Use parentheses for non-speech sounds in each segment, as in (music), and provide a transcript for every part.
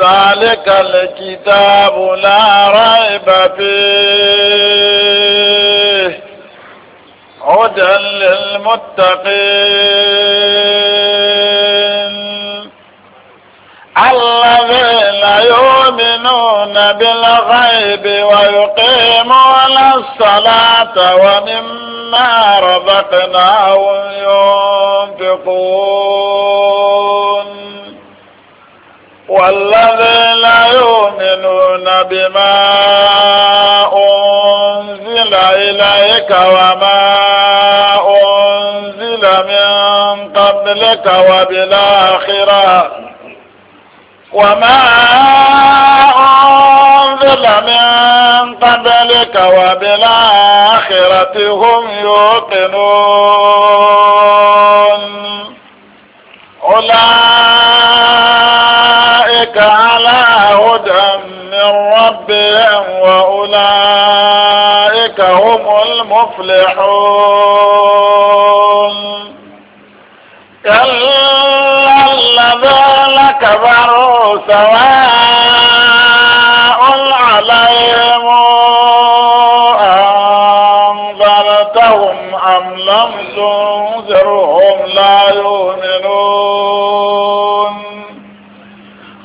ذلك الكتاب لا ريب فيه هدى للمتقين الذين يؤمنون بالغيب ويقيمون الصلاة ومما رزقناهم ينفقون والذين يؤمنون بما أنزل إليك وما أنزل من قبلك وبالآخرة وما أنزل من قبلك وبالآخرة هم يوقنون مفلحون كلا الذين كفروا سواء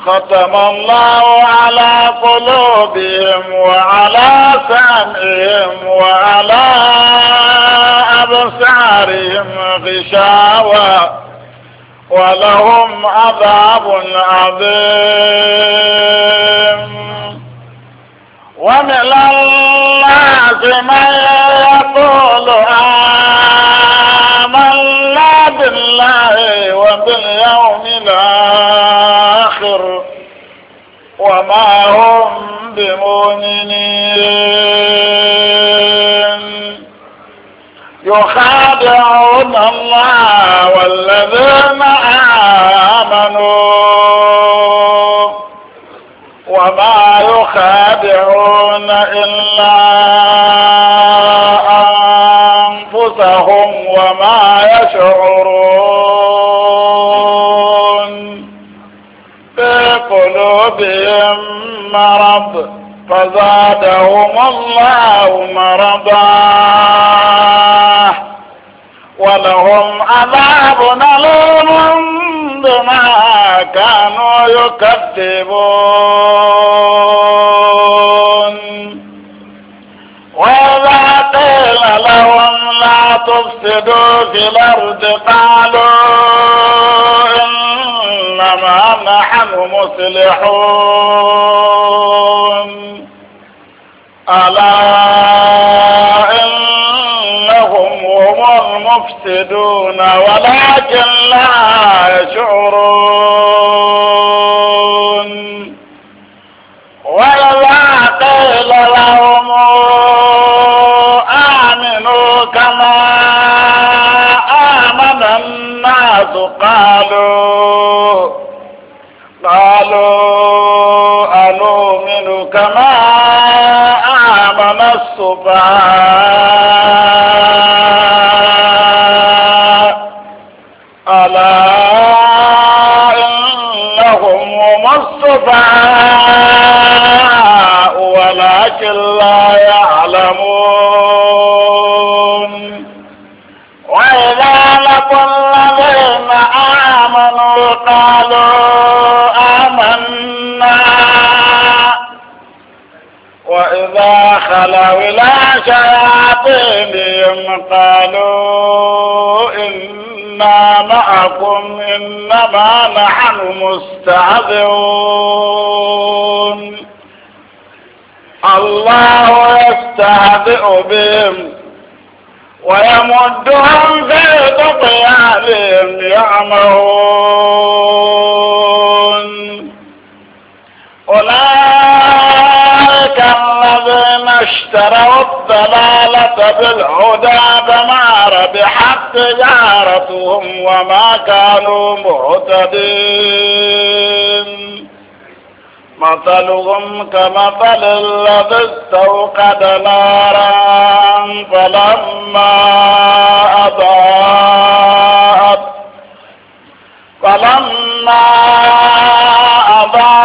ختم الله على قلوبهم وعلى سمعهم وعلى أبصارهم غشاوة ولهم عذاب عظيم ومن الناس من يقول آمنا بالله وباليوم الآخر وما هم بمؤمنين يخادعون الله والذين آمنوا وما يخادعون إلا أنفسهم وما يشعرون بهم مرض فزادهم الله مرضا ولهم عذاب نلوم بما كانوا يكذبون وإذا قيل لهم لا تفسدوا في الأرض قالوا عنه مصلحون ألا إنهم هم المفسدون ولكن لا يشعرون وإذا قيل لهم آمنوا كما آمن الناس قالوا وما السفهاء ألا إنهم هم السفهاء ولكن لا يعلمون وإذا لقوا الذين آمنوا قالوا خلوا إلى شياطينهم قالوا إنا معكم إنما نحن مستهزئون الله يستهزئ بهم ويمدهم في طغيانهم يعمهون أولئك اشتروا الضلالة بالهدى فما ربحت تجارتهم وما كانوا مهتدين مثلهم كمثل الذي استوقد نارا فلما أضاءت فلما أضاءت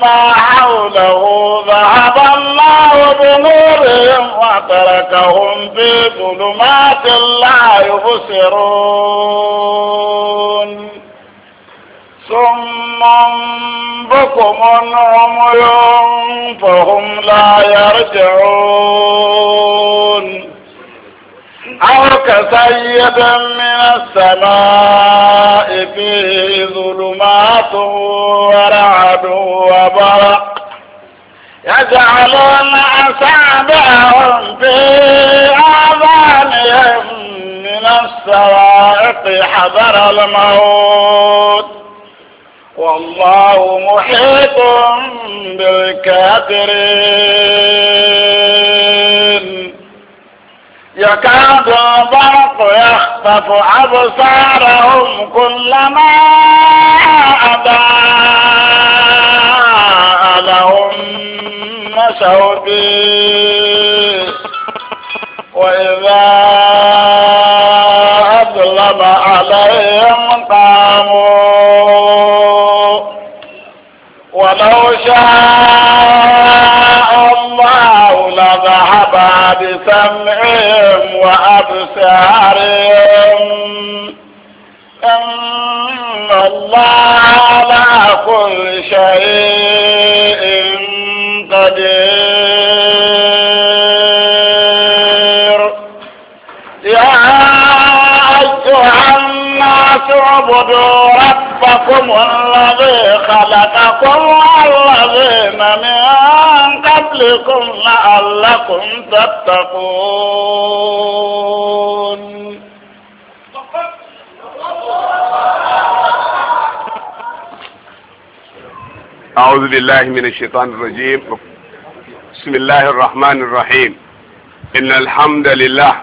ما حوله ذهب الله بنورهم وتركهم في ظلمات لا يبصرون ثم بكم عمي فهم لا يرجعون أو كسيدا من السماء فيه ظلمات ورعد وبرق يجعلون أصابعهم في آذانهم من السوائق حذر الموت والله محيط بالكافرين يكاد البرق يخطف أبصارهم كلما أضاء لهم مشوا فيه وإذا أظلم عليهم قاموا بسمعهم وأبصارهم إن الله على كل شيء قدير يا أيها الناس اعبدوا ربكم الذي خلقكم والذين من قبلكم لعلكم تتقون أعوذ بالله من الشيطان الرجيم بسم الله الرحمن الرحيم إن الحمد لله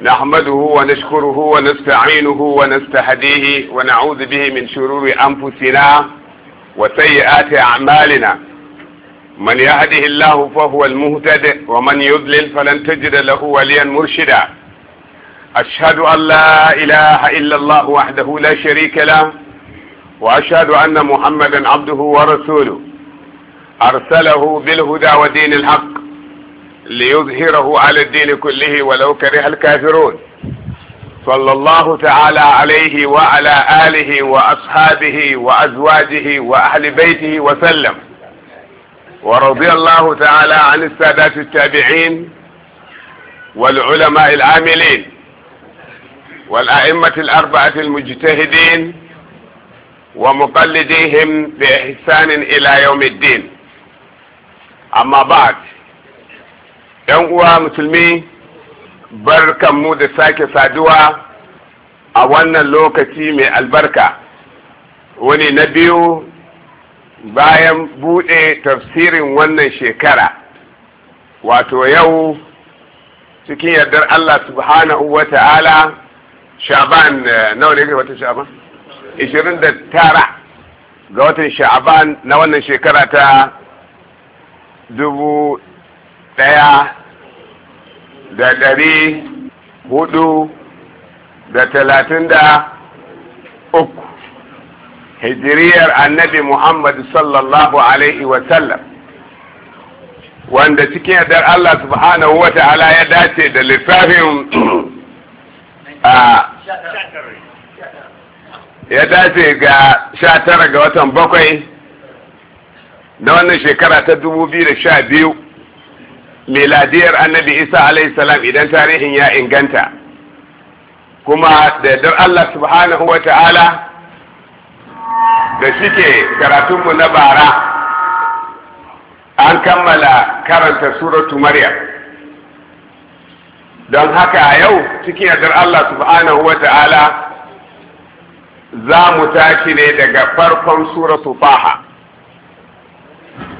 نحمده ونشكره ونستعينه ونستهديه ونعوذ به من شرور أنفسنا وسيئات أعمالنا من يهده الله فهو المهتد ومن يضلل فلن تجد له وليا مرشدا أشهد أن لا إله إلا الله وحده لا شريك له وأشهد أن محمدا عبده ورسوله أرسله بالهدى ودين الحق ليظهره على الدين كله ولو كره الكافرون صلى الله تعالى عليه وعلى آله وأصحابه وأزواجه وأهل بيته وسلم ورضي الله تعالى عن السادات التابعين والعلماء العاملين والأئمة الأربعة المجتهدين ومقلديهم بإحسان إلى يوم الدين أما بعد 'yan uwa musulmi bar mu da sake saduwa a wannan lokaci mai albarka wani na biyu bayan buɗe tafsirin wannan shekara wato yau cikin yardar Allah subhanahu wa ta'ala shaban nawa ne watan shaban tara ga watan sha'aban na wannan shekara ta dubu ɗaya da ɗari hudu da talatin da uku hijiriyar annabi muhammad sallallahu alaihi wasallam wanda cikin yadda Allah subhanahu wa ta'ala ya dace da lissafin (clears throat) ya dace ga sha tara ga watan bakwai na wannan shekara ta dubu biyu da sha biyu miladiyar annabi isa alaihi salam idan tarihin ya inganta kuma da dar allah subhanahu wa ta'ala da shike karatunmu na bara an kammala karanta suratu maryam don haka yau cikin yardar allah subhanahu wa ta'ala za mu tashi ne daga farkon suratu faha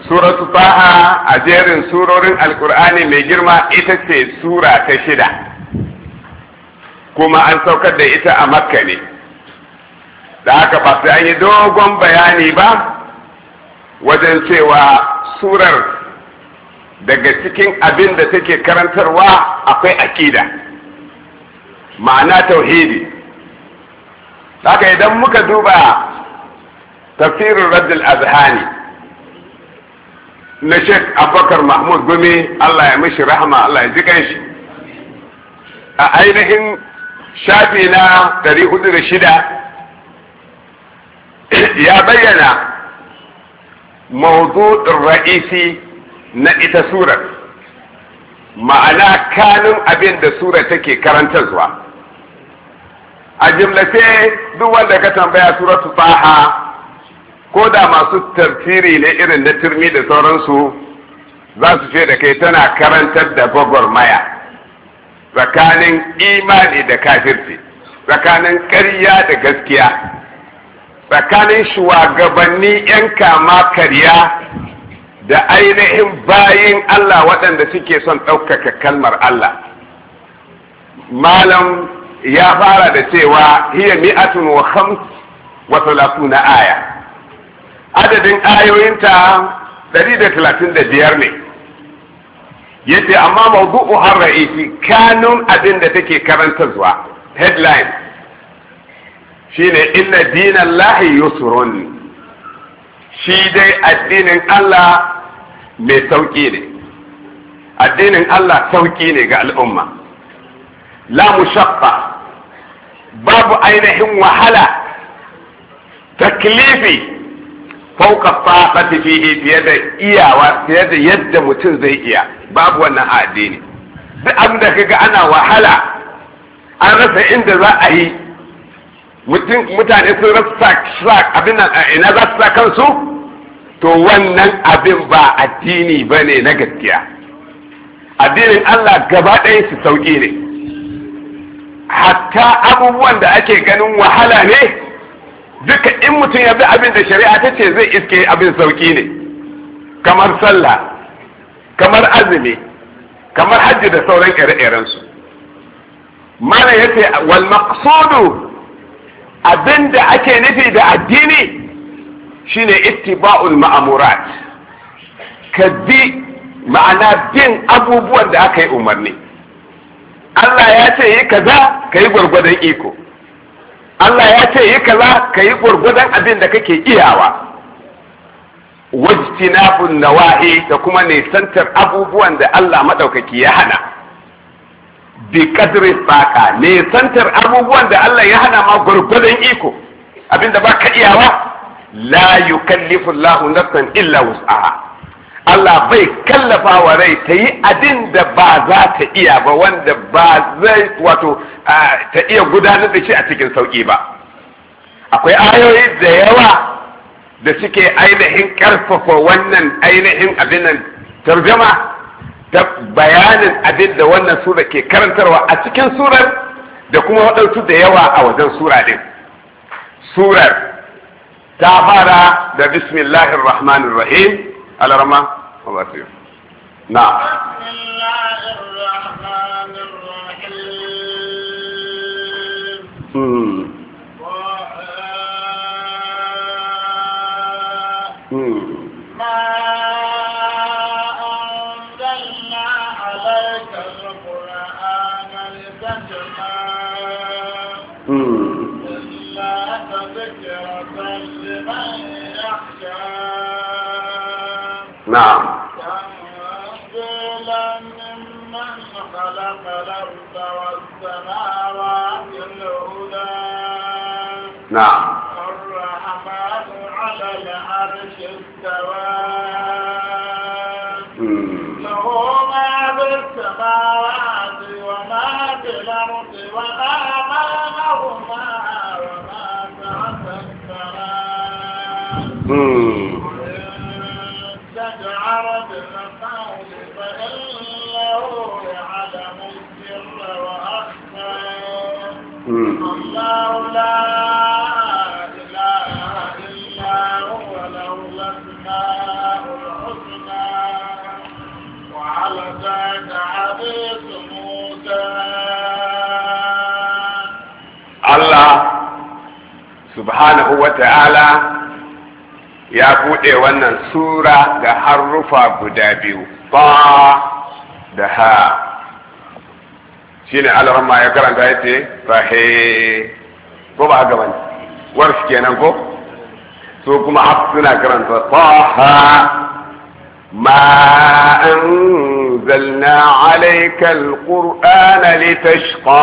suratu sufaha a jerin surorin alkur'ani mai girma ita ce sura ta shida kuma an saukar da ita a makka ne da haka ba sai an yi dogon bayani ba wajen cewa surar daga cikin abin da take karantarwa akwai akida ma'ana tauhidi haka idan muka duba tafsirin raddul azhani na sheikh abubakar mahmud gumi allah ya mishi rahama allah ya ji shi a ainihin shafi na 406 ya bayyana mawdu'in ra'isi na ita surar ma'ana kanin abin da surar take karanta zuwa. a jimlace duk wanda ka tambaya suratu faha. ko da masu tafsiri ne irin na turmi da sauransu za su ce da kai tana karantar da gwagwarmaya tsakanin imani da kafirci tsakanin ƙarya da gaskiya tsakanin shugabanni 'yan kama karya da ainihin bayin Allah waɗanda suke son ɗaukaka kalmar Allah malam ya fara da cewa hiya mi'atun wa khams wa na aya adadin ayoyinta 135 ne Ya ce amma mawdu'u har ra'isi kanun abin da take zuwa headline shine inna lahi yusurun shi dai addinin Allah mai sauƙi ne addinin Allah sauƙi ne ga al'umma la mushaqqa babu ainihin wahala taklifi fauka faqati fihi fiye da iyawa fiye da yadda mutum zai iya babu wannan addini duk abin da ga ana wahala an rasa inda za a yi mutum mutane sun rasa abin nan ina za su sa kansu to wannan abin ba addini ba ne na gaskiya addinin Allah gaba ɗaya su sauƙi ne hatta abubuwan da ake ganin wahala ne duka in mutum ya bi abin da shari'a ta ce zai iske abin sauki ne kamar sallah kamar azumi kamar hajji da sauran ire-irensu mana ya ce wal maqsudu abin da ake nufi da addini shine ittiba'ul ma'amurat ka bi ma'ana bin abubuwan da aka yi umarni Allah ya ce yi kaza ka yi gwargwadon iko Allah ya ce yi kaza ka yi gwargwadon abin da kake iyawa na nawahi da kuma nisantar abubuwan da Allah maɗaukaki ya hana bi kadri tsaka nisantar abubuwan da Allah ya hana ma gwargwadon iko abin da baka iyawa la yukallifu Allahu nafsan illa wus'aha Allah bai kallafa wa rai ta yi abin da ba za ta iya ba wanda ba zai wato ta iya gudanar da shi a cikin sauƙi ba akwai ayoyi da yawa da suke ainihin ƙarfafa wannan ainihin abin nan tarjama ta bayanin abin da wannan sura ke karantarwa a cikin surar da kuma waɗansu da yawa a wajen sura ɗin surar ta fara da bismillahir rahim على رمى وبسير نعم بسم الله الرحمن الرحيم نعم ممن خلق الأرض والسماوات الهدى نعم الرحمن على العرش استوى له ما بالسماوات وما بالأرض وما بينهما subhanahu wa ta'ala ya buɗe wannan sura da harufa guda biyu ba da ha shine alaran ma ya karanta ya ce fahe ko ba haka bane warsh kenan ko su kuma haf suna karanta taha ma anzalna alayka alqur'ana litashqa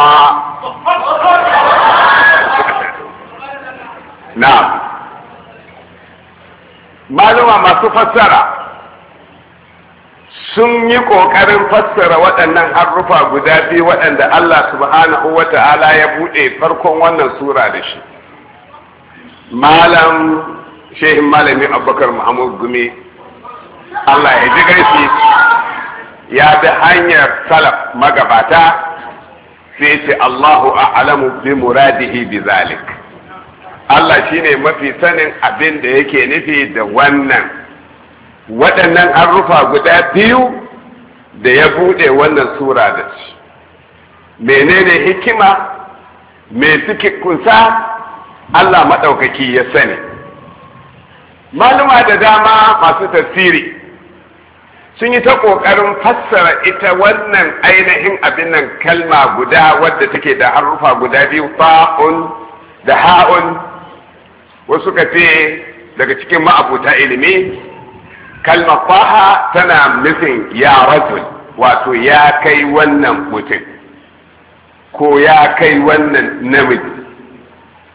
na'am maluma masu fassara sun yi ƙoƙarin fassara waɗannan harufa guda biyu waɗanda Allah subhanahu wa ta'ala ya buɗe farkon wannan sura da shi malam shehin malami abubakar muhammad gumi Allah ya ji ƙarfi ya bi hanyar salaf magabata sai ce Allahu a'lamu bi muradihi bi zalik Allah shine mafi sanin abin da yake nufi da wannan waɗannan an rufa guda biyu da ya buɗe wannan sura da ci, menene hikima me suke kunsa Allah maɗaukaki ya sani maluma da dama masu tasiri sun yi ta ƙoƙarin fassara ita wannan ainihin abin nan kalma guda wadda take da harufa guda biyu fa'un da ha'un wasu ka ce daga cikin ma'abuta ilimi kalmar faha tana nufin ya rajul wato ya kai wannan mutum ko ya kai wannan namiji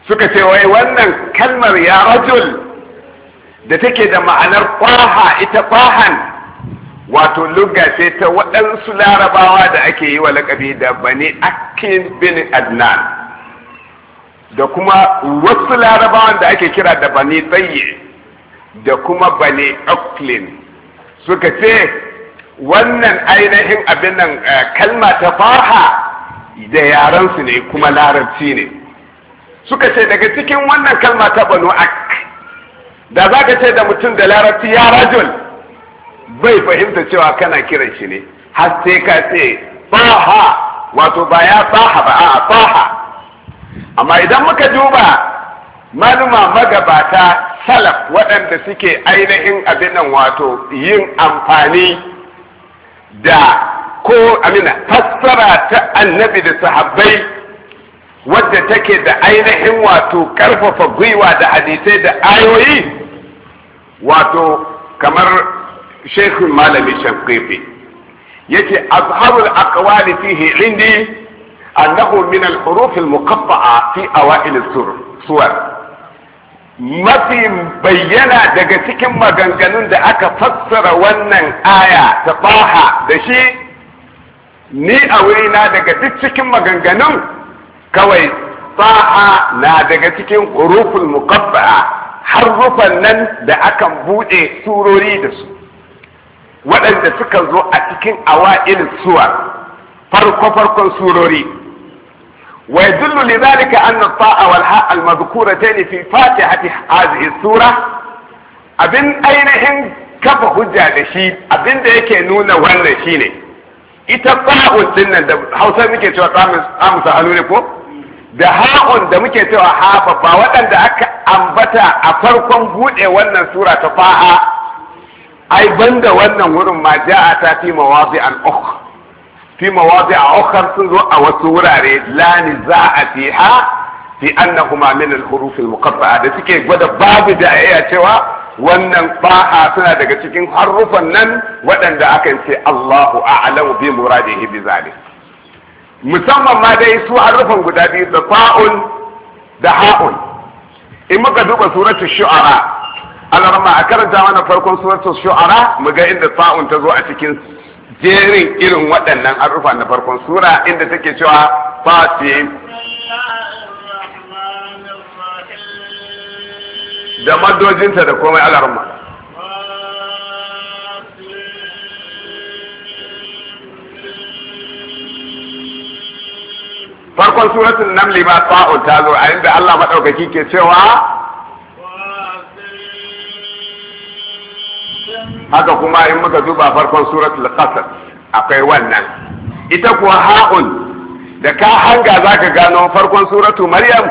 suka ce wai wannan kalmar ya rajul da take da ma'anar faha ita fahan wato lugga ce ta waɗansu larabawa da ake yi wa laƙabi da bani akin bin adnan da kuma wasu larabawan da ake kira da bani tsaye da kuma bane auckland suka ce wannan ainihin abin nan eh, kalma ta farha da yarensu ne kuma larabci ne suka ce daga cikin wannan kalma ta bano ak da za ka ce da mutum da larabci ya rajul bai fahimta cewa kana kiran shi ne har sai ka ce faha wato ba ya faha ba a faha amma idan muka duba maluma magabata salaf waɗanda suke ainihin abin nan wato yin amfani da ko amina fassara ta annabi da sahabbai wadda take da ainihin wato ƙarfafa gwiwa da hadisai da ayoyi wato kamar shekul malami shankifi yake azharul aqwali fihi indi annahu min al-huruf al-muqatta'a fi awa'il as-suwar mafi bayyana daga cikin maganganun da aka fassara wannan aya ta faha da shi ni a wurina daga duk cikin maganganun kawai faha na daga cikin huruful muqabba'a harufan nan da akan buɗe surori da su waɗanda suka zo a cikin awa'il suwa farko-farkon surori ويدل لذلك أن الطاء والهاء المذكورتين في فاتحة هذه السورة abin ainihin kafa hujja da shi abin yake nuna wannan ita tsa'un din nan da hausa muke cewa tsamusa hannu ne ko da ha'un da muke cewa hafa ba waɗanda aka ambata a farkon buɗe wannan sura ta fa'a ai banda wannan wurin ma ja'a ta fi mawazi an ukhra fi mawadi a ukhar sun zo a wasu wurare la za a fi annahuma min al-huruf al-muqatta'a da suke gwada babu da ayya cewa wannan ba'a suna daga cikin harufan nan waɗanda aka ce Allahu a'lamu bi muradihi bi zalik musamman ma dai su harufan guda biyu da fa'un da ha'un in muka duba suratu shu'ara Allah a karanta mana farkon suratul shu'ara mu ga inda fa'un ta zo a cikin jerin irin waɗannan harufa na farkon sura inda take cewa fatin da madojinta da komai alarma farkon suratun namli ba sa'un ta zo a inda Allah maɗaukaki ke cewa haka kuma in muka duba farkon suratul qasas akwai wannan ita kuwa ha'un da ka hanga zaka gano farkon suratu maryam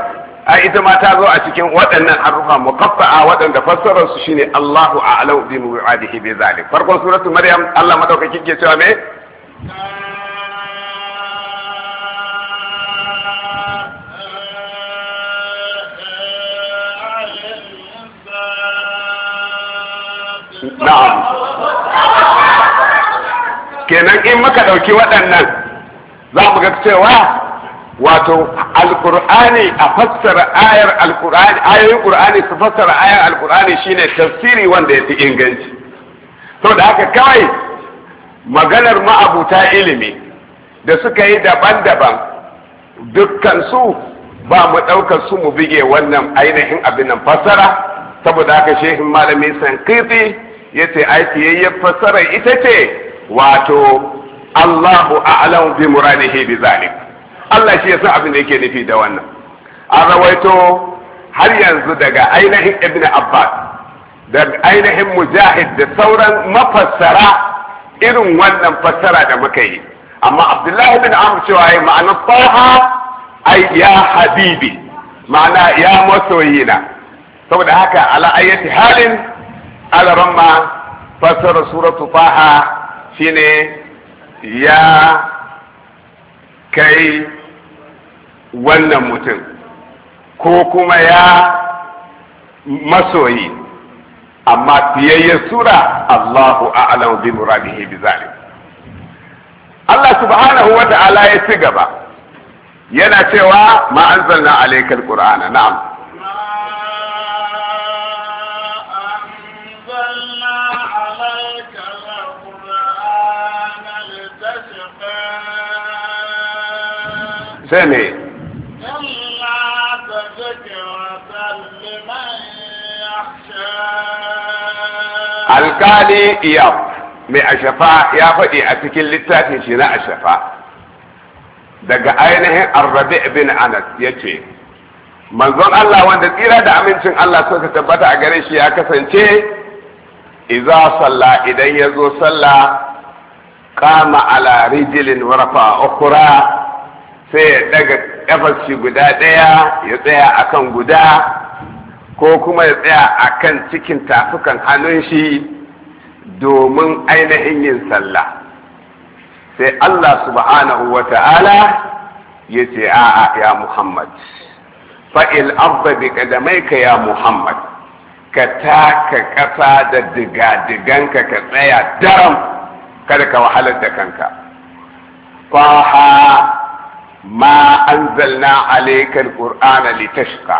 a ita ma ta zo a cikin waɗannan harufa muqaffa'a waɗanda fassarar su shine Allahu a'lamu bi mu'adihi bi zalik farkon suratu maryam Allah madaukakin ke cewa me na'am kenan in muka ɗauki waɗannan za mu ga cewa wato alkur'ani a fassara ayar alkur'ani ayoyin qur'ani su fassara ayar alkur'ani shine tafsiri wanda ya fi inganci to da haka kawai maganar ma'abuta ilimi da suka yi daban-daban dukkansu ba mu ɗaukar su mu bige wannan ainihin abin nan fassara saboda haka shehin malami sankiti ce ai fiyayyar fassara ita ce wato Allahu a'lam bi muradihi bi zalik Allah shi yasa abin da yake nufi da wannan an rawaito har yanzu daga ainihin ibn Abbas da ainihin Mujahid da sauran mafassara irin wannan fassara da muka yi amma Abdullahi bin Amr cewa ya ma'ana taha ya habibi ma'ana ya masoyina saboda haka ala ayati halin alaran ma fassara suratu faha shine ya kai wannan mutum ko kuma ya masoyi amma fiyayye sura Allahu a'lamu bi muradihi bi zalim Allah subhanahu wa ta'ala ya ci gaba yana cewa ma anzalna alaykal qur'ana na'am سامي الله تزكى وسلم من الكالي ياب مي اشفاء يا فدي اتكين لتاتي شنا اشفاء دقا اينه الربع بن عنس يتي منظر الله وانت تيرا دا امنشن الله سوك تبتا اقريش يا كسن اذا صلى اذا يزو صلى قام على رجل ورفع اخرى sai ya daga shi guda ɗaya ya tsaya akan guda ko kuma ya tsaya akan cikin tafukan hannun shi domin ainihin yin sallah sai Allah subhanahu wa ta'ala ya ce a'a ya Muhammad fa'il abba bi ka ya Muhammad ka taka ƙasa da diga-diganka ka tsaya daram kada ka wahalar da kanka faha ma anzalna alayka alqur'ana litashqa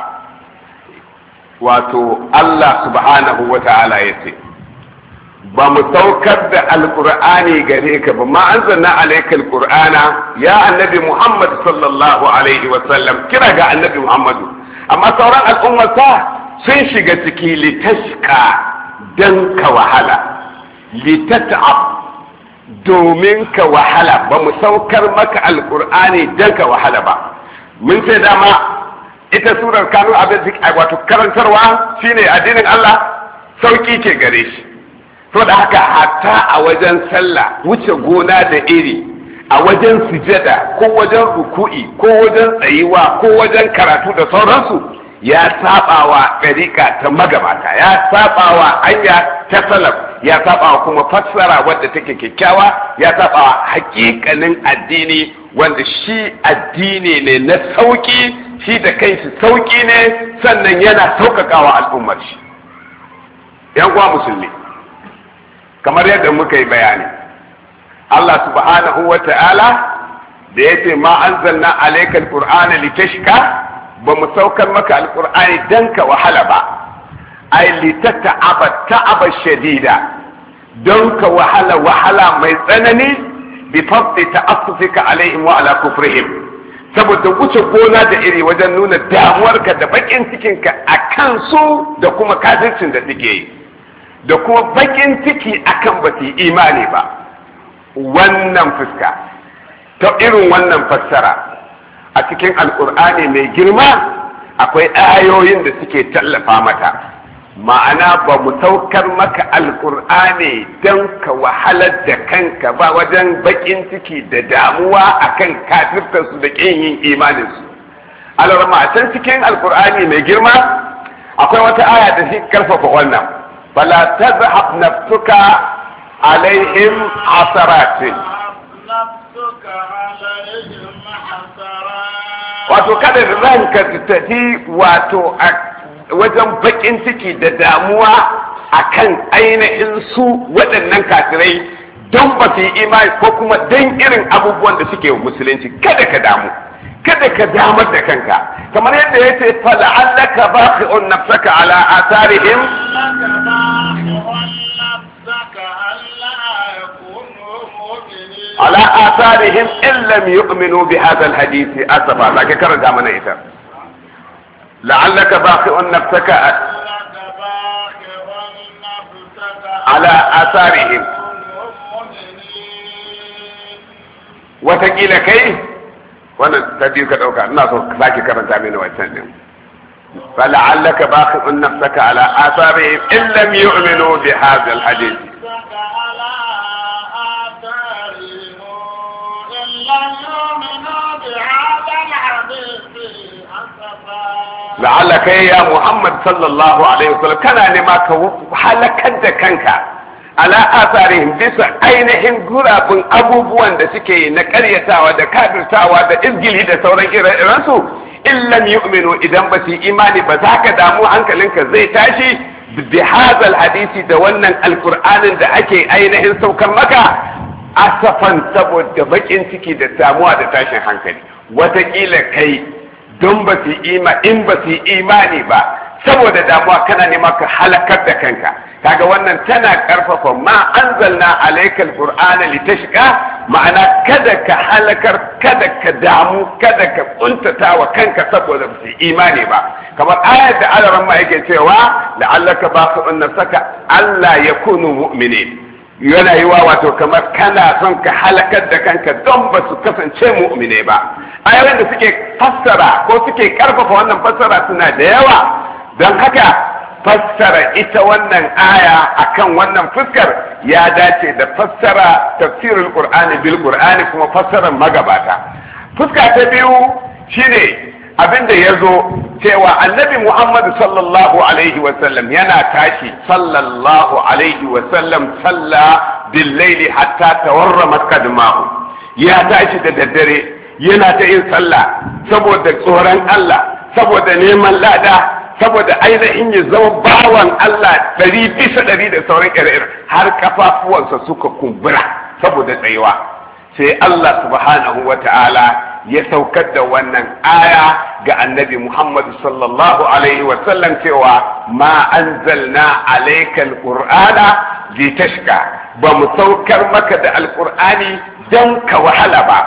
wato Allah subhanahu wa ta'ala yace ba mu saukar da alqur'ani gare ka ba ma anzalna alayka alqur'ana ya annabi Muhammad sallallahu alaihi wa sallam kira ga annabi Muhammadu amma sauran al'ummata sun shiga ciki litashqa dan ka wahala litat'ab domin ka wahala ba mu saukar maka alkur'ani don ka wahala ba mun sai dama ita surar kanu abin wato karantarwa shine addinin Allah sauki ke gare shi to da haka hatta a wajen sallah wuce gona da iri a wajen sujada ko wajen ruku'i ko wajen tsayuwa ko wajen karatu da sauransu ya sabawa ɗarika ta magabata ya sabawa hanya ta salaf ya saba kuma fassara wadda take kyakkyawa ya saba hakikanin addini wanda shi addini ne na sauki shi da kai shi sauki ne sannan yana sauƙaƙawa al'ummar shi yan uwa musulmi kamar yadda muka yi bayani Allah subhanahu wa ta'ala da ya ce ma an zanna alaikal qur'ana litashka ba mu saukar maka alqur'ani dan ka wahala ba ai litata aba ta'aba shadida don ka wahala wahala mai tsanani bi fadli ta'assufika alaihim wa ala kufrihim saboda wuce gona da iri wajen nuna damuwarka da bakin cikin a kan su da kuma kafircin da suke yi da kuma bakin ciki akan ba su imani ba wannan fuska ta irin wannan fassara a cikin alkur'ani mai girma akwai ayoyin da suke tallafa mata ma'ana ba mu saukar maka alkur'ani don ka wahalar da kanka ba wajen bakin ciki da damuwa akan kafirtarsu da ƙin yin imaninsu alarma can cikin alkur'ani mai girma akwai wata aya da shi karfafa wannan fala tazhab nafsuka alaihim hasaratin wato kada ranka ta tafi wato a wajen bakin ciki da damuwa akan ainihin su waɗannan kafirai don ba su yi imani ko kuma don irin abubuwan da suke wa musulunci kada ka damu kada ka damar da kanka kamar yadda ya ce fala'allaka on nafsaka ala atharihim ala atharihim in lam yu'minu bi hadha alhadith asafa zaka karanta mana ita لعلك باخع نفسك على آثارهم وتقيل كي وانا تدير كدوكا الناس ساكي كرن تامين ويتسلم فلعلك باخع نفسك على آثارهم إن لم يؤمنوا بهذا الحديث يؤمنوا la'alla kai ya muhammad sallallahu alaihi wasallam kana nema ka halakar da kanka ala asarihim bisa ainihin gurabin abubuwan da suke na karyatawa da kafirtawa da izgili da sauran ire-iren su illam yu'minu idan ba su imani ba za ka damu hankalinka zai tashi bi hadisi da wannan alkur'anin da ake ainihin saukar maka asafan saboda bakin ciki da damuwa da tashin hankali wataƙila kai don ba su ima in ba su imani ba saboda damuwa kana nema ka halakar da kanka kaga wannan tana karfafa ma anzalna alaikal qur'ana litashqa ma'ana kada ka halakar kada ka damu kada ka kuntata wa kanka saboda ba su imani ba kamar ayat da alaran ma yake cewa la'allaka baqi'un nafsaka alla yakunu mu'minin yana yi wa wato kamar kana son ka halakar da kanka don ba su kasance mu'mine ba ayoyin da suke fassara ko suke karfafa wannan fassara suna da yawa don haka fassara ita wannan aya akan wannan fuskar ya dace da fassara tafsirul qur'ani bil qur'ani kuma fassara magabata fuska ta biyu shine abinda ya zo cewa annabi muhammadu sallallahu alaihi wasallam yana tashi sallallahu alaihi wasallam salla billaili hatta tawarrama kadmahu ya tashi da daddare yana ta yin sallah saboda tsoron Allah saboda neman lada saboda ainihin ya zama bawan Allah ɗari bisa ɗari da sauran ire har kafafuwansa suka kumbura saboda tsayuwa sai Allah subhanahu wa ta'ala ya saukar da wannan aya ga annabi Muhammad sallallahu alaihi wasallam cewa ma anzalna alayka alqur'ana litashqa ba mu saukar maka da Alƙur'ani don ka wahala ba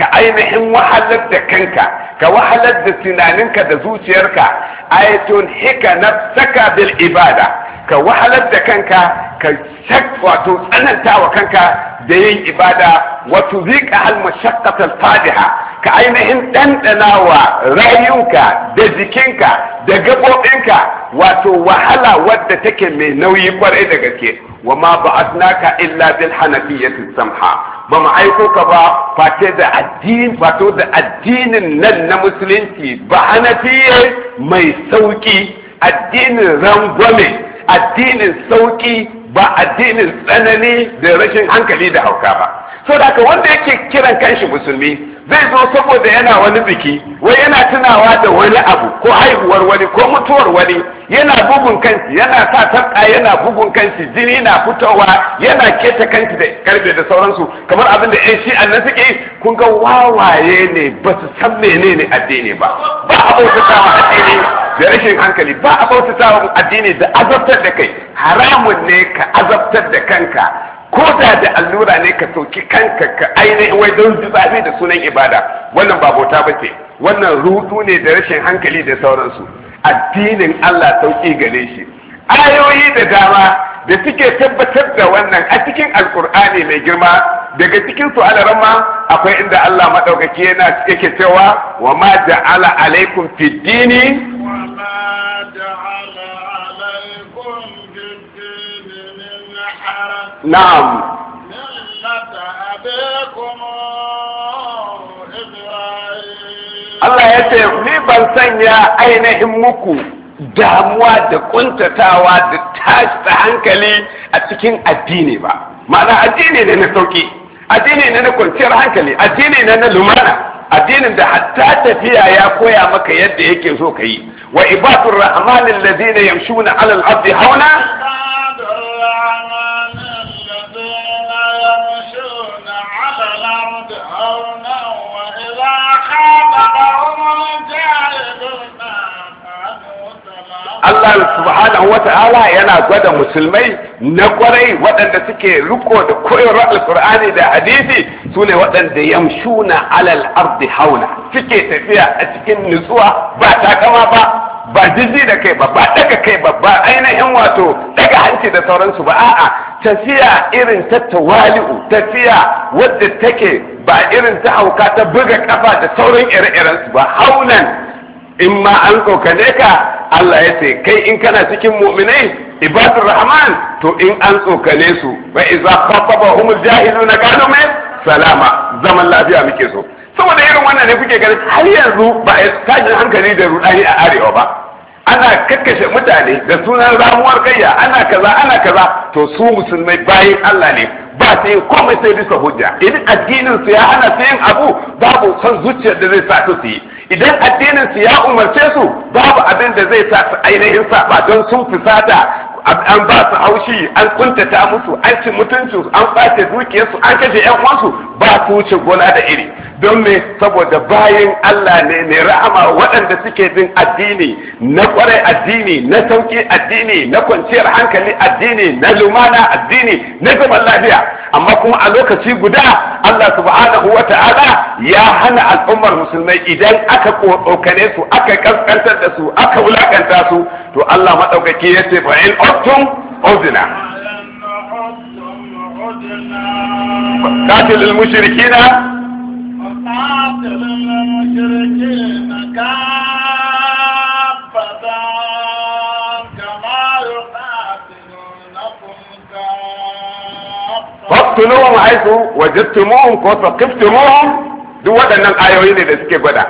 ka ainihin wahalar da kanka ka wahalar da tunaninka da zuciyarka ayatun hika saka bil ibada ka wahalar da kanka ka wato tsananta wa kanka da yin ibada wato zika al mashaqqatal fadiha ka ainihin ɗanɗanawa rayunka da jikinka da gaɓoɓinka wato wahala wadda take mai nauyi kwarai da gaske wa ma ka illa bil hanafiyyati samha ba mu aiko ka ba fate da addini wato da addinin nan na musulunci ba hanafiye mai sauki addinin rangwame addinin sauki ba addinin tsanani da rashin hankali da hauka ba so da ka wanda yake kiran kanshi musulmi zai zo saboda yana wani biki wai yana tunawa da wani abu ko haihuwar wani ko mutuwar wani yana bugun kanshi yana sa tabka yana bugun kanshi jini na fitowa yana keta kanshi da karbe da sauransu kamar abin da yan shi annan suke kun ga wawaye ne ba su san menene addini ba ba a bautata wa addini da rashin hankali ba a bautata wa addini da azabtar da kai haramun ne ka azabtar da kanka ko da da allura ne ka soki kanka ka ainihin wai don zabe da sunan ibada wannan ba bauta ba ce wannan rudu ne da rashin hankali da sauransu addinin Allah sauki gare shi ayoyi da dama da suke tabbatar da wannan a cikin alkur'ani mai girma daga cikin su alarama akwai inda Allah maɗaukaki yana yake cewa wa ma ja'ala alaikum fid dini na'am Allah ya ce ni ban sanya ainihin muku damuwa da ƙuntatawa da tashi hankali a cikin addini ba ma'ana addini ne na sauƙi, addini ne na kwanciyar hankali addini ne na lumana addinin da hatta tafiya ya koya maka yadda yake so ka yi wa ibadur rahmanin lazina yamshuna alal abdi hauna Allah subhanahu wa ta'ala yana gwada musulmai na kwarai waɗanda suke riko da koyarwar alkur'ani da hadisi su ne waɗanda yamshuna alal ardi hauna suke tafiya a cikin nutsuwa ba takama ba ba jijji da kai ba ba daga kai ba ba ainihin wato daga hanci da sauransu ba a'a tafiya irin tattawali'u, tafiya wadda take ba irin ta hauka ta buga kafa da sauran ire-iren su ba haunan in ma an tsokane ka Allah ya ce kai in kana cikin mu'minai ibadur rahman to in an tsokane su wa idza jahilu na gano mai salama zaman lafiya muke so saboda irin wannan ne kuke ganin har yanzu ba a tashin hankali da rudani a arewa ba ana kakkashe mutane da sunan ramuwar kayya ana kaza ana kaza to su musulmai bayan Allah ne ba su yi komai sai bisa hujja idan addinin su ya ana su yin abu babu son zuciyar da zai sa su yi idan addinin su ya umarce su babu abin da zai sa su ainihin saba don sun fusata an ba su haushi an kuntata musu an ci mutuncin an ɓace dukiyarsu an kashe yan uwansu ba su wuce gona da iri don me saboda bayan Allah ne mai rahama waɗanda suke bin addini na kwarai addini na sauki addini na kwanciyar hankali addini na lumana addini na zaman lafiya amma kuma a lokaci guda Allah subhanahu wa ta'ala ya hana al'ummar musulmai idan aka kokane su aka kaskantar da su aka wulakanta su to Allah madaukaki ya ce fa in uttum uzina qatilul mushrikina وقاتل المشركين كافة كما ko كافة duk waɗannan ayoyi ne da suke gwada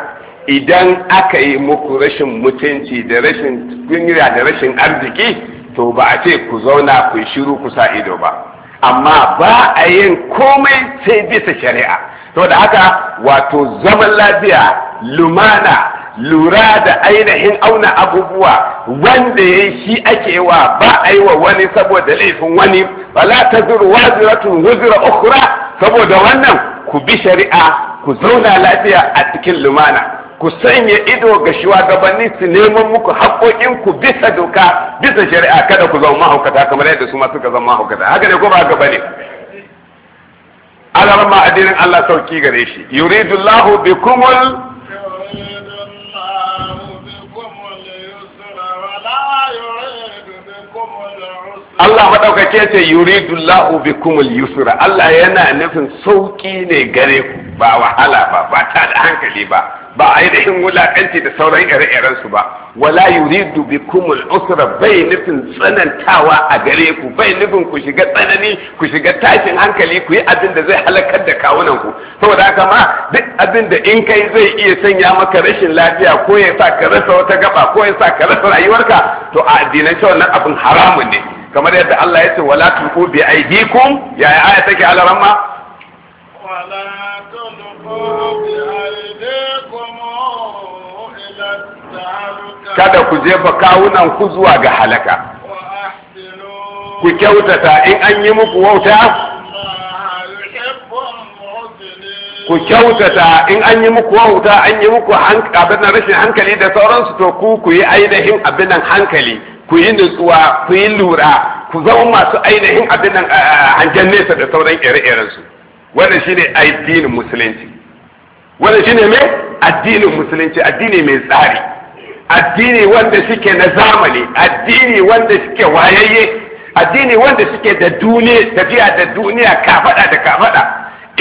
idan aka yi muku rashin mutunci da rashin kunya da rashin arziki to ba a ce ku zauna ku shiru ku sa ido ba amma ba a yin komai sai bisa shari'a to da haka wato zaman lafiya lumana lura da ainihin auna abubuwa wanda ya shi ake wa ba a yi wa wani saboda laifin wani la ta zuru waziratun wuzura ukura saboda wannan ku bi shari'a ku zauna lafiya a cikin lumana ku sanya ido ga shugabanni su neman muku ku bisa doka bisa shari'a kada ku zama mahaukata kamar yadda su masu suka zama mahaukata haka ne ko ba haka bane alamma addinin Allah sauki gare shi yuridullahu bikumul Allah madaukake ce yuridullahu bikumul yusra Allah yana nufin sauki ne gare ku ba wahala ba ba ta da hankali ba ba a yi ainihin wulakanci da sauran ire-iren su ba wala yuridu bikumul usra bai nufin tsanantawa a gare ku bai nufin ku shiga tsanani ku shiga tashin hankali ku yi abin da zai halakar da kawunan ku saboda haka ma duk abin da in kai zai iya sanya maka rashin lafiya ko ya sa ka rasa wata gaba ko ya sa ka rasa rayuwarka to a addinan wannan abin haramun ne kamar yadda Allah ya ce wala tulqu bi aydikum ya aya take alaramma wala tulqu bi aydikum ila kada ku jefa kawunan ku zuwa ga halaka ku kyautata in an yi muku wauta ku kyautata in an yi muku wauta an yi muku abin rashin hankali da sauransu to ku ku yi ainihin abin hankali ku yi nutsuwa ku yi lura ku zama masu ainihin abin nan hangen nesa da sauran ire-iren su wannan shine addinin musulunci wannan shine mai addinin musulunci addini mai tsari addini wanda suke na zamani addini wanda suke wayayye addini wanda suke da duniya tafiya da duniya kafada da kafada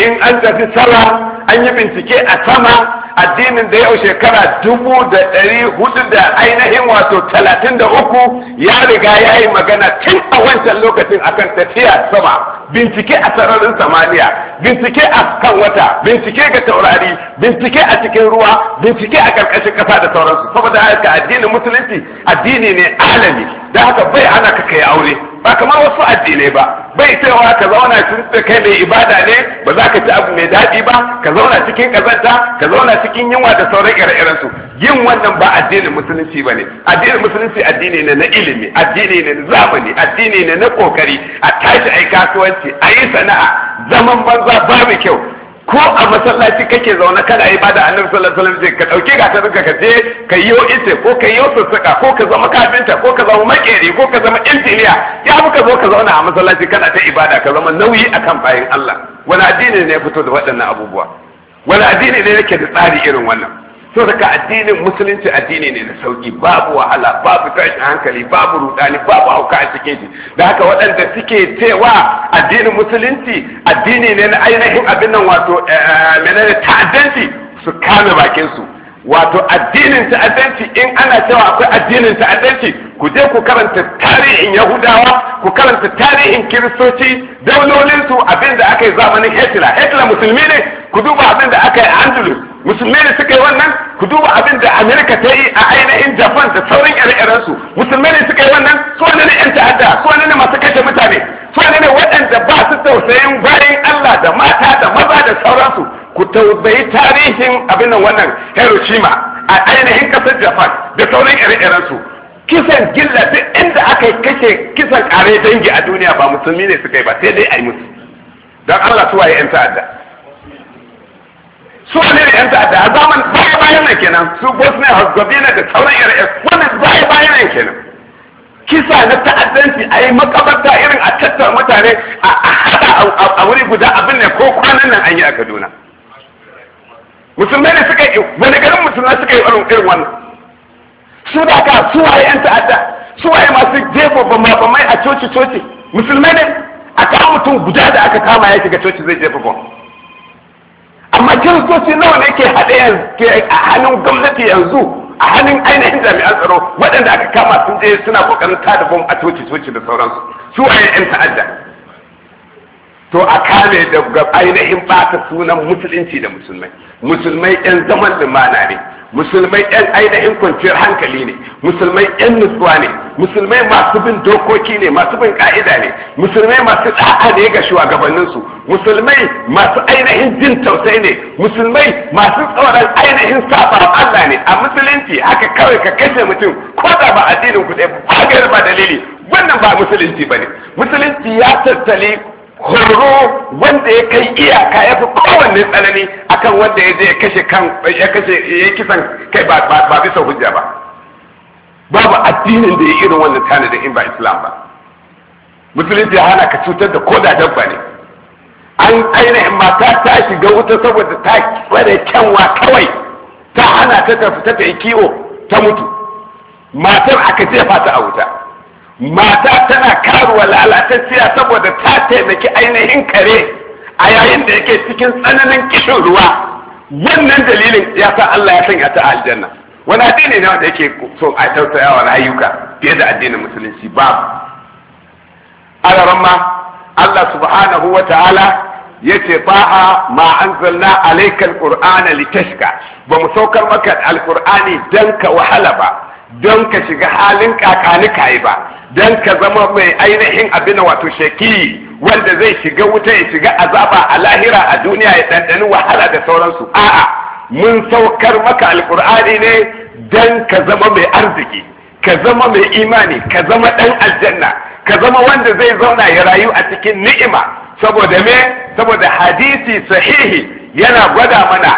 in an tafi sama an yi bincike a sama addinin da yau shekara dubu da ɗari hudu da ainihin wato talatin da uku ya riga ya yi magana tun a wancan lokacin akan tafiya sama bincike a sararin samaniya bincike a kan wata bincike ga taurari bincike a cikin ruwa bincike a ƙarƙashin ƙasa da sauransu saboda haka addinin musulunci addini ne alami da haka bai ana ka kai aure ba kamar wasu addinai ba bai cewa ka zauna cikin kai mai ibada ne ba za ka ci abu mai daɗi ba ka zauna cikin ƙazanta ka zauna cikin cikin yunwa da sauran ire-iren su yin wannan ba addinin musulunci bane addinin musulunci addini ne na ilimi addini ne na zamani addini ne na kokari a tashi ai kasuwanci ayi sana'a zaman banza ba mu kyau ko a masallaci kake zaune kana yi bada annabi sallallahu alaihi wasallam ka dauke gatarin ka je ka yi yo ite ko ka yi sassaka ko ka zama kafinta ko ka zama makeri ko ka zama injiniya ya muka ka zo ka zauna a masallaci kana ta ibada ka zama nauyi akan bayin Allah wani addini ne ya fito da waɗannan abubuwa wani addini ne yake da tsari irin wannan so daga addinin musulunci addini ne na sauki babu wahala babu tashin hankali babu rudani babu hauka a cikin shi da haka waɗanda suke cewa addinin musulunci addini ne na ainihin abin nan wato eh, menene ta'addanci su kame bakin su wato addinin ta'addanci in ana cewa akwai addinin ta'addanci ku je ku karanta tarihin yahudawa ku karanta tarihin kiristoci daulolinsu abin da aka yi zamanin hitler hitler musulmi ne ku duba abin da aka yi a andalus musulmai ne suka yi wannan ku duba abin da amerika ta yi a ainihin japan da sauran ire-iren su musulmai ne suka yi wannan su wani ne yan ta'adda su wani ne masu kashe mutane su wani ne waɗanda ba su tausayin bayan allah da mata da maza da sauransu ku tausayi tarihin abin nan wannan hiroshima a ainihin kasar japan da sauran ire-iren su kisan gilla duk inda aka kashe kisan kare dangi a duniya ba musulmi ne suka yi ba sai dai a yi musu don allah su waye yan ta'adda su ne da 'yan ta'adda a zaman baya bayan nan kenan su bosnia herzegovina da sauran irs wannan baya bayan nan kenan kisa na ta'addanci a yi makabarta irin a tattara mutane a hada a wuri guda abin ne ko kwanan nan an yi a kaduna musulmai ne suka yi wani garin musulmai suka yi irin wannan su da ka su waye 'yan ta'adda su waye masu jefo bambamai a coci-coci musulmai ne a kawo mutum guda da aka kama ya shiga coci zai jefa bambamai amma kiristoci nawa ne ke haɗe a hannun gwamnati yanzu a hannun ainihin jami'an tsaro waɗanda aka kama sun je suna kokarin tada bom a coci coci da sauransu su a yan ta'adda to a kame daga ainihin bata sunan musulunci da musulmai musulmai yan zaman lumana ne musulmai yan ainihin kwanciyar hankali ne musulmai yan nutsuwa ne musulmai masu bin dokoki ne masu bin ka'ida ne musulmai masu da'a ne ga shugabanninsu musulmai masu ainihin jin tausayi ne musulmai masu tsoron ainihin saba Allah ne a musulunci haka kawai ka kashe mutum ko da ba addinin ku ɗaya ba ba dalili wannan ba musulunci ba ne, musulunci ya tattali horo wanda ya kai iyaka ya fi kowanne tsanani akan wanda ya je ya kashe kan ya kashe ya kisan kai ba ba bisa hujja ba babu addinin da ya irin wannan tana da in ba islam ba musulunci ya hana ka cutar da koda dabba ne an ainihin mata ta shiga wuta saboda ta kware kyanwa kawai ta hana ta tafi ta ta kiwo ta mutu matar aka jefa ta a wuta mata tana karuwa lalatacciya saboda ta taimaki ainihin kare a yayin da yake cikin tsananin kishin ruwa wannan dalilin ya sa Allah ya sanya ta aljanna wani addini ne wanda yake so a tausayawa rayuka fiye da addinin musulunci babu ma Allah subhanahu wa ta'ala yace ba'a ma anzalna alayka alqur'ana litashka ba mu saukar maka alqur'ani dan ka wahala ba don ka shiga halin kakani kayi ba don ka zama mai ainihin abin wato sheki wanda zai shiga wuta ya shiga azaba a lahira a duniya ya ɗanɗani wahala da sauransu a'a mun saukar maka alkur'ani ne don ka zama mai arziki ka zama mai imani ka zama ɗan aljanna ka zama wanda zai zauna ya rayu a cikin ni'ima saboda me saboda hadisi sahihi yana gwada mana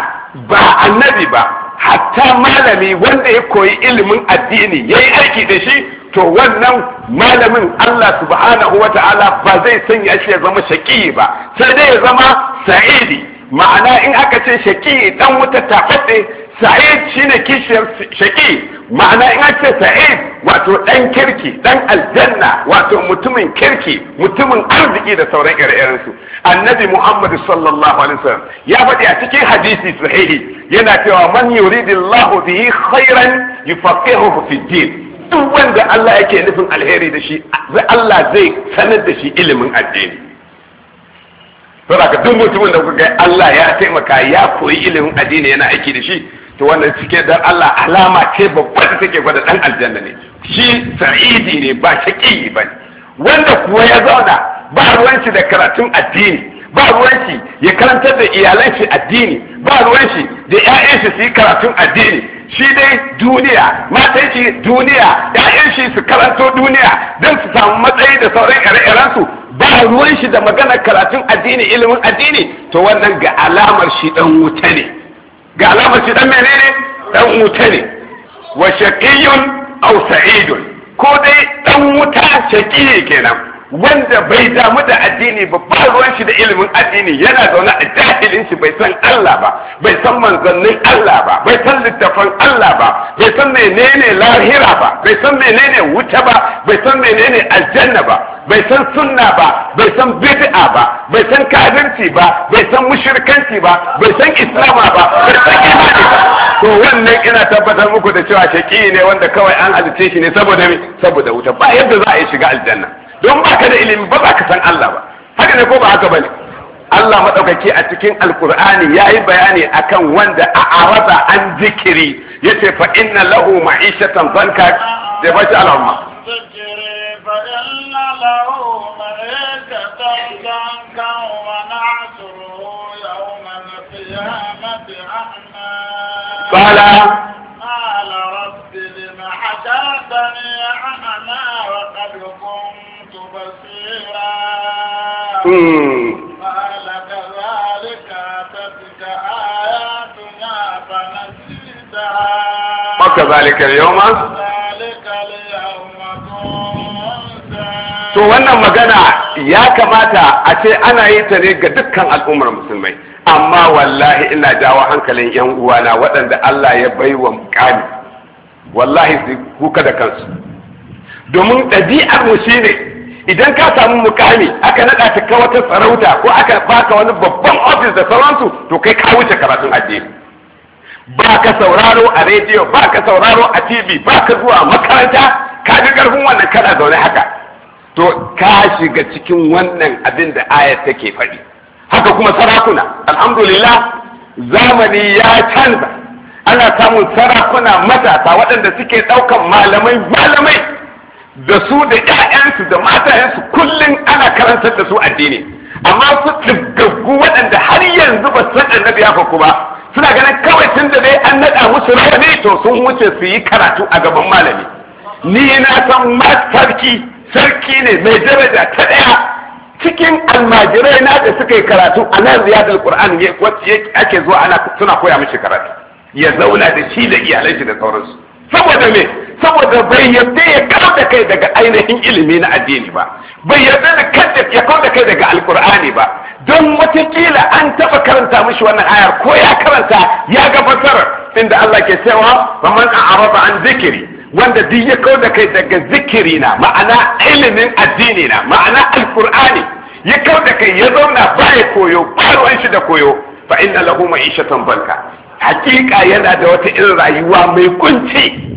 ba annabi ba hatta malami wanda ya koyi ilimin addini ya yi aiki da shi to wannan malamin Allah subhanahu wa ta'ala ba zai sanya shi ya zama shaƙi ba sai dai ya zama sa'idi ma'ana in aka ce shaƙi dan wuta tafaɗe sa'id shine kishiyar shaƙi ma'ana in ce sa'id wato dan kirki dan aljanna wato mutumin kirki mutumin arziki da sauran ire annabi muhammad sallallahu alaihi wasallam ya faɗi a cikin hadisi sahihi yana cewa man yuridillahu bihi khairan yufaqihuhu fi din duk wanda Allah yake nufin alheri da shi Allah zai sanar da shi ilimin addini saboda duk mutumin da kuka ga Allah ya taimaka ya koyi ilimin addini yana aiki da shi to wannan cike dan Allah alama ce babba da take gwada dan aljanna ne shi sa'idi ne ba shaki ba wanda kuwa ya zauna ba ruwanci da karatun addini ba ruwan ruwanci ya karantar da iyalan shi addini ba ruwan ruwanci da ƴaƴan shi su yi karatun addini shi dai duniya matan shi duniya ƴaƴan shi su karanto duniya don su samu matsayi da sauran ire-iren su ba ruwan shi da magana karatun addini ilimin addini to wannan ga alamar shi dan wuta ne ga alamar shi dan menene dan wuta ne wa shaqiyun aw sa'idun ko dai dan wuta shaqiyi kenan wanda bai damu da addini ba ba ruwan shi da ilimin addini yana zaune a jahilin shi bai san Allah ba bai san manzannin Allah ba bai san littafan Allah ba bai san menene lahira ba bai san menene wuta ba bai san menene aljanna ba bai san sunna ba bai san bid'a ba bai san kafirci ba bai san mushrikanci ba bai san islama ba bai san imani ba to wannan ina tabbatar muku da cewa shaki ne wanda kawai an halice shi ne saboda saboda wuta ba yadda za a yi shiga aljanna don ba ka da ilimi ba za ka san Allah ba haka ne ko ba haka bane Allah madaukake a cikin alqur'ani yayi bayani akan wanda a araba an zikiri yace fa inna lahu ma'ishatan zanka da ba shi al'umma قال قال رب لم حشرتني أعمى وقد كنت to wannan magana ya kamata a ce ana yi ta ne ga dukkan al'ummar musulmai amma wallahi ina jawo hankalin yan uwana waɗanda Allah ya bai mukami wallahi su kuka da kansu domin ɗabi'ar mu shine idan ka samu mukami aka naɗa ta ka wata sarauta ko aka baka wani babban ofis da sauransu to kai ka wuce karatun addini ba ka sauraro a rediyo ba ka sauraro a tv ba ka zuwa makaranta ka ji karfin wannan kana zaune haka to ka shiga cikin wannan abin da ayat take faɗi haka kuma sarakuna alhamdulillah zamani ya canza ana samun sarakuna matasa waɗanda suke ɗaukan malamai malamai da su da ƴaƴansu da matayensu kullum ana karantar da su addini amma su ɗiggaggu waɗanda har yanzu ba san annabi ya faku ba suna ganin kawai tun da dai an naɗa musu rawani to sun wuce su yi karatu a gaban malami ni na san masarki sarki ne mai daraja ta ɗaya cikin almajirai na da suka yi karatu a nan riyadar qur'an ake zuwa ana suna koya mishi karatu ya zauna da shi da iyalai shi da sauransu saboda me saboda bai yadda ya kawo da kai daga ainihin ilimi na addini ba bai yadda da kanta ya kawo da kai daga alkur'ani ba don watakila an taba karanta mishi wannan ayar ko ya karanta ya gabatar inda Allah ke cewa wa man an zikiri wanda duk ya kawo da kai daga zikiri na ma'ana ilimin addini na ma'ana alkur'ani ya kawo da kai ya zauna baya koyo ba shi da koyo fa inna lahu ma'ishatan banka hakika yana da wata irin rayuwa mai kunci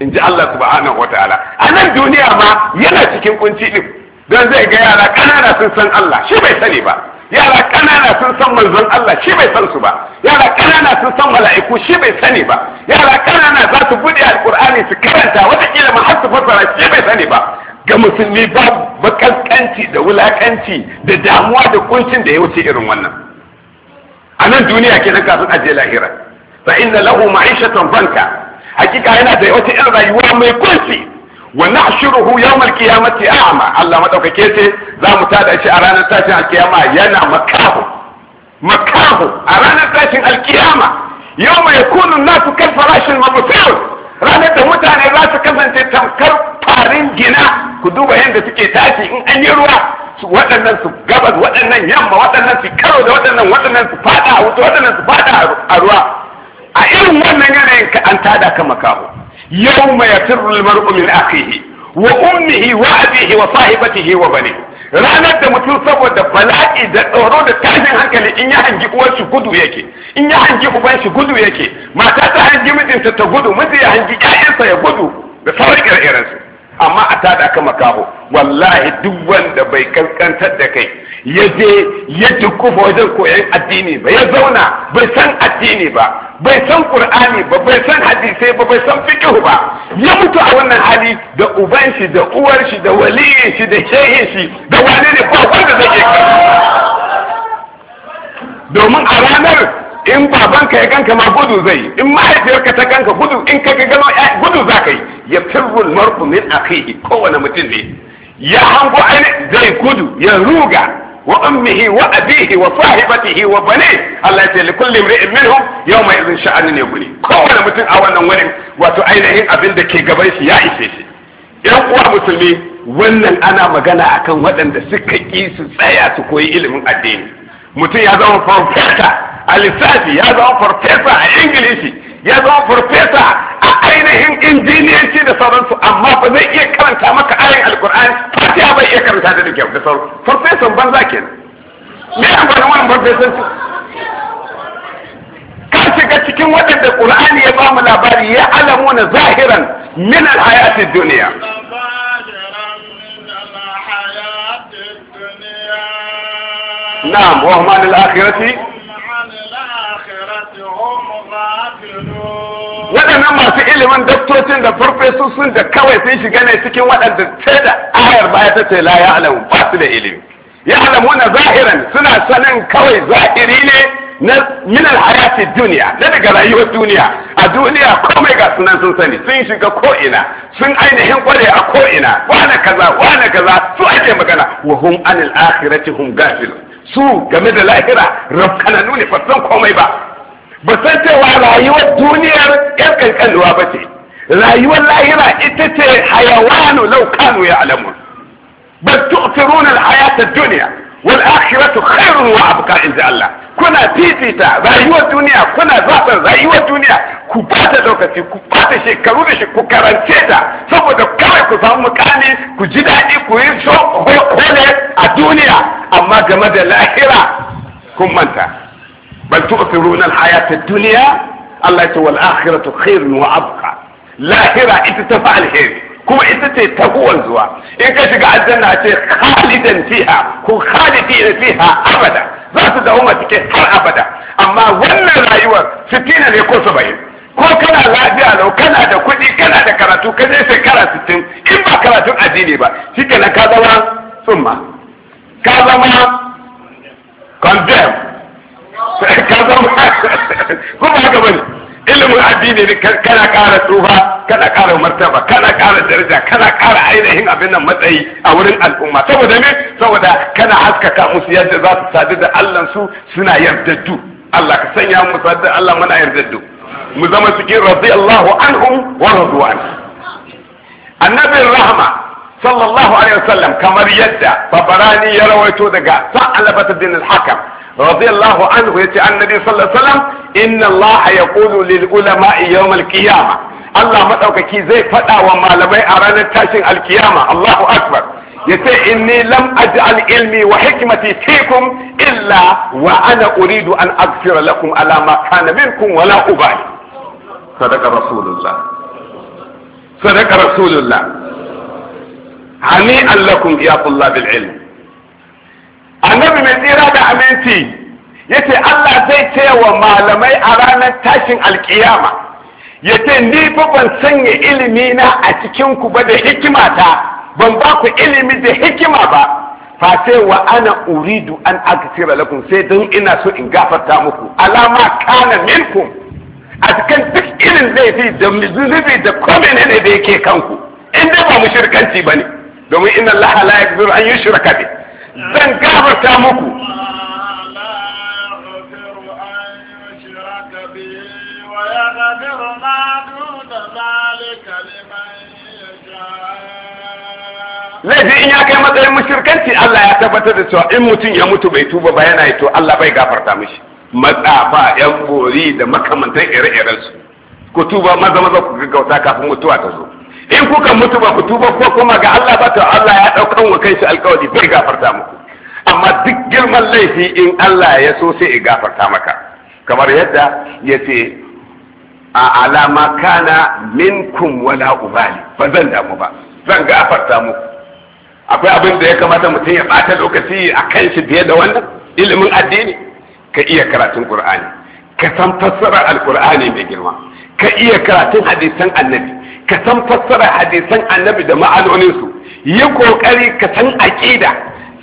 in ji Allah subhanahu wataala a nan duniya ma yana cikin kunci din don zai ga yara kanana sun san Allah shi bai sani ba yara kanana sun san manzon Allah shi bai san su ba yara kanana sun san mala'iku shi bai sani ba yara kanana za su bude alkur'ani su karanta wata kila ma har su fassara shi bai sani ba ga musulmi ba bakankanci da wulakanci da damuwa da kuncin da ya wuce irin wannan a nan duniya kenan kafin aje lahira fa inna lahu ma'ishatan banka hakika yana da wata irin rayuwa mai kunci wa nahshuruhu yawmal qiyamati a'ma Allah madaukake ce za mu tada shi a ranar tashin alkiyama yana makahu makahu a ranar tashin alkiyama yawma yakunu nasu kal farashin mabthur ranar da mutane za su kasance tamkar farin gina ku duba yadda suke tashi in an yi ruwa waɗannan su gabas waɗannan yamma waɗannan su karo da waɗannan waɗannan su fada a wuta waɗannan su fada a ruwa a irin wannan yanayin ka an tada ka makaho yau mai yafirru almar'u min akhihi wa ummihi wa abihi wa sahibatihi wa bani ranar da mutum saboda bala'i da tsoro da tashin hankali in ya hangi uwar shi gudu yake in ya hangi uban shi gudu yake mata ta hangi mijinta ta gudu miji ya hangi ƴaƴansa ya gudu da sauran ire amma a tada ka makaho wallahi duk wanda bai kankantar da kai ya je ya dukufa wajen koyan addini ba ya zauna bai san addini ba bai san qur'ani ba bai san hadisai ba bai san fiqh ba ya mutu a wannan hali da uban shi da uwar shi da waliyin shi da shehin shi da wani ne ba wanda zai domin a ranar in babanka ya ganka ma gudu zai in ka ta ganka gudu in ka ga gano gudu za ka yi ya firrul mar'u min akhihi kowane mutum ne ya hango ainihin zai gudu ya ruga wa ummihi wa abihi wa sahibatihi wa bani Allah ya ce li kulli imri'in minhum yawma idhin ne guri kowane mutum a wannan wurin wato ainihin abin da ke gaban shi ya ishe shi yan uwa musulmi wannan ana magana akan waɗanda suka ki su tsaya su koyi ilimin addini mutum ya zama farfata a lissafi ya zama farfesa a ingilishi ya zama farfesa a ainihin injiniyanci da sauransu amma ba zai iya karanta maka ayin alkur'ani fatiha bai iya karanta ta da kyau da sauransu farfesan banza kenan me amfanin wannan farfesan ka shiga cikin waɗanda ƙur'ani ya bamu labari ya alamu na zahiran min alhayatid duniya na'am wa hum anil akhirati waɗannan masu ilimin daktocin da farfesosin da kawai sun shiga ne cikin waɗanda ce da ayar baya ta ce la ya alamu ba su da ilimi ya alamu na zahiran suna sanin kawai zahiri ne na minar hayati duniya na daga rayuwar duniya a duniya komai ga sunan sun sani sun shiga ko'ina sun ainihin kware a ko'ina wane kaza wane kaza su ake magana wa hum anil akhirati hum gafilun su game da lahira rabkananu ne ba san komai ba ba san cewa rayuwar duniyar yar kankanuwa ba ce rayuwar lahira ita ce hayawanu law kanu alamu bal tu'thiruna al-hayata duniya wal akhiratu khairun wa abqa inda Allah kuna fifita rayuwar duniya kuna zaɓar rayuwar duniya ku bata lokaci ku bata shekaru da ku karance ta saboda kawai ku samu mukami ku ji daɗi ku yi shokole a duniya amma game da lahira kun manta bal tu'thiruna al haya ad-dunya Allah ya ce wal akhiratu khairun lahira ita ta fa alheri kuma ita ce ta zuwa in ka shiga aljanna ce khalidan fiha ko khalidina fiha abada za su dawoma cikin har abada amma wannan rayuwar fitina ne ko 70 ko kana lafiya lau kana da kuɗi kana da karatu ka je shekara sittin in ba karatun addini ba shi ke ka zama tsumma ka zama condemn ka zama ko ba haka bane ilimin addini ne kana ƙara tsufa kana kara martaba kana ƙara daraja kana ƙara ainihin abin nan matsayi a wurin al'umma saboda me saboda kana haskaka musu yadda za su sadu da Allah su suna yardaddu Allah ka sanya mu sadu Allah muna yardaddu mu zama cikin radiyallahu anhum wa radwan annabin rahma sallallahu alaihi wasallam kamar yadda babarani ya rawaito daga sa'alabat bin al-hakam رضي الله عنه يتي عن النبي صلى الله عليه وسلم إن الله يقول للعلماء يوم القيامة الله ما كي زي فتا وما لبي أرانا تاشن القيامة الله أكبر يتي إني لم أجعل علمي وحكمتي فيكم إلا وأنا أريد أن أغفر لكم على ما كان منكم ولا أبالي صدق رسول الله صدق رسول الله هنيئا لكم يا طلاب العلم annabi mai tsira da aminci ce Allah zai ce wa malamai a ranar tashin alkiyama ya ce ni fa ban sanya ilimi na a cikin ku ba da hikima ta ban ba ku ilimi da hikima ba fa sai wa ana uridu an aksira lakum sai don ina so in gafarta muku alama kana minkum a cikin duk irin laifi da zunubi da komai ne da yake kanku in dai ba ne domin inna allaha la yaghfiru an yushraka bihi zan gafarta muku laifi in ya kai matsayin mashirkanci Allah ya tabbatar da cewa in mutum ya mutu bai tuba ba yana to Allah bai gafarta mishi matsafa yan bori da makamantan ire-irensu ku tuba maza maza ku gaggauta kafin mutuwa ta zo in kuka mutu ba ku tuba ko kuma ga Allah ba to Allah ya daukan wa kai shi alkawari bai gafarta muku amma duk girman laifi in Allah ya so sai ya gafarta maka kamar yadda yace a alama kana minkum wala ubali ba zan damu ba zan gafarta muku akwai abin da ya kamata mutum ya bata lokaci a kan shi biye da wannan ilimin addini ka iya karatun qur'ani ka san fassarar alqur'ani mai girma ka iya karatun hadisan annabi ka san fassara hadisan annabi da ma'anoninsu yi kokari ka san aƙida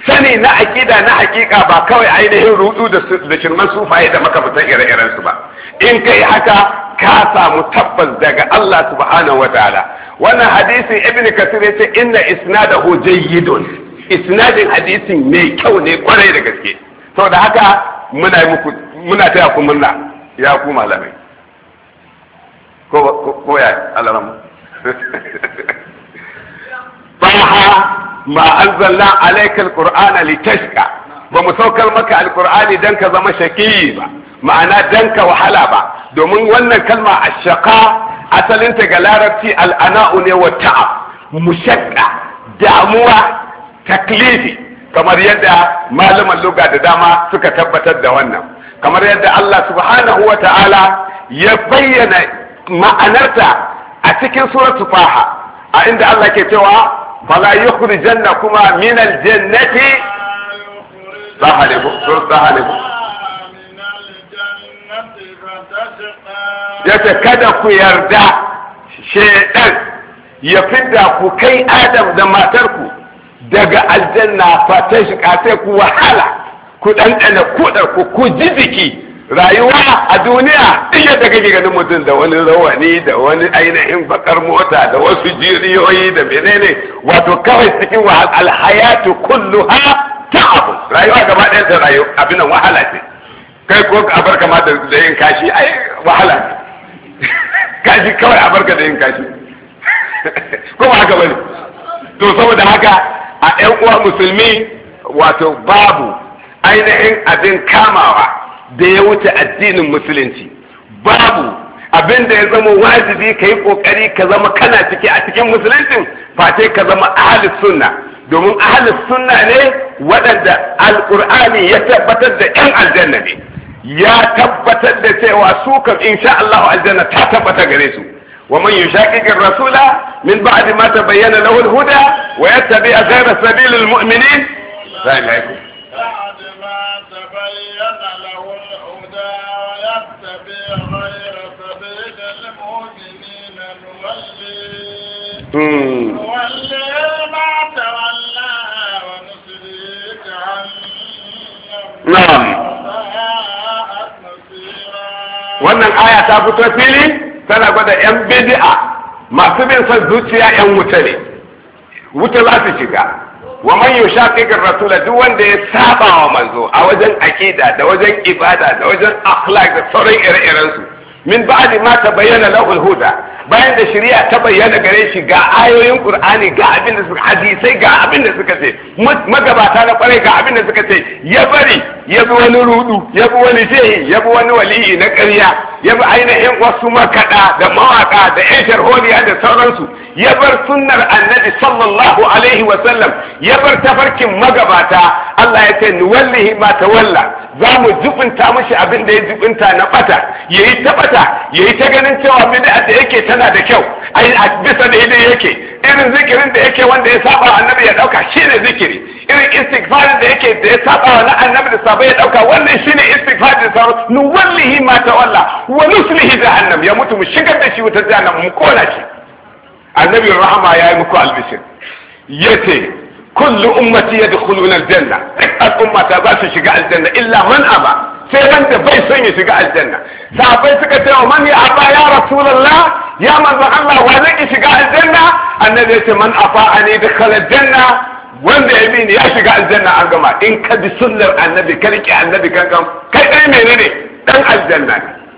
sani na aƙida na hakika ba kawai ainihin rudu da shirman sufaye da maka fitan ire-iren su ba in kai haka ka samu tabbas daga Allah subhanahu wataala wannan hadisi ibnu kasir yace inna isnadahu jayyidun isnadin hadisin mai kyau ne kwarai da gaske saboda haka muna muku muna taya ku murna ya ku malamai ko ko ya baha (laughs) ma anzalna alayka alqur'ana litashqa ba mu saukar maka alqur'ani dan ka zama shaqi ba ma'ana dan ka wahala ba domin wannan kalma ashqa asalinta ga larabci al'ana'u ne wa ta'ab mushaqqa damuwa taklifi kamar yadda malaman luga da dama suka tabbatar da wannan kamar yadda Allah subhanahu wa ta'ala ya bayyana ma'anarta a cikin suratu faha a inda Allah ke cewa fala janna kuma min aljannati sahalibu sur sahalibu yace kada ku yarda shedan ya fidda ku kai adam da matarku daga aljanna fata shi ku wahala ku ɗanɗana kuɗar ku ku ji jiki rayuwa a duniya duk yadda kake ganin mutum da wani rawani da wani ainihin bakar mota da wasu jiriyoyi da menene wato kawai cikin wahal alhayatu kulluha ta'abu rayuwa gaba ɗaya ta rayu abin nan wahala ce kai ko a barka ma da yin kashi ai wahala ne (laughs) kashi kawai a barka da yin kashi (laughs) Ko ba haka bane to saboda haka a ƴan uwa musulmi wato babu ainihin abin kamawa da ya wuce addinin musulunci babu abin da ya zama wajibi ka yi kokari ka zama kana ciki a cikin musuluncin face ka zama ahalus sunna domin ahalus sunna ne waɗanda alkur'ani ya tabbatar da yan aljanna ne ya tabbatar da cewa su in insha Allah aljanna ta tabbata gare su ومن يشاكك الرسول من بعد ما تبين له الهدى ويتبع غير سبيل المؤمنين فإليكم wannan aya ta fito fili tana gwada 'yan bidi'a masu bin son zuciya 'yan wuta ne wuta za su shiga wa man yushaqiq ar-rasul duk wanda ya saba wa manzo a wajen aqida da wajen ibada da wajen akhlaq da sauran ire-iren su min ba'di ma tabayyana lahu al-huda bayan da shari'a ta bayyana gare shi ga ayoyin qur'ani ga abin da suka sai ga abin da suka ce magabata na kwarai ga abin da suka ce ya bari ya bi wani rudu ya bi wani shehi ya bi wani waliyi na ƙarya ya bi ainihin wasu makaɗa da mawaƙa da 'yan sharholiya da sauransu ya bar sunnar annabi sallallahu alaihi wasallam ya bar tafarkin magabata Allah ya ce wallahi ma ta walla za mu jubinta mushi abin da ya jubinta na bata yayi ta bata yayi ta ganin cewa bid'a da yake tana da kyau ai bisa da yake irin zikirin da yake wanda ya saba annabi ya dauka shine zikiri irin istighfarin da yake da ya saba na annabi da sabai ya dauka wannan shine istighfarin da sabai nu wallahi ma ta walla wa nuslihi jahannam ya mutu mu shigar da shi wutar jahannam mu kona shi annabi rahama yayi muku albishir yace kullu ummati yadkhuluna aljanna duk umma ta za su shiga aljanna illa man aba sai wanda bai son ya shiga aljanna sahabbai suka ce wa man ya aba ya rasulullah ya manzo Allah wa zai shiga aljanna annabi ya ce man afa ani dakhala aljanna wanda ya bi ni ya shiga aljanna an gama in ka bi sunnar annabi ka rike annabi kan kan kai dai menene dan aljanna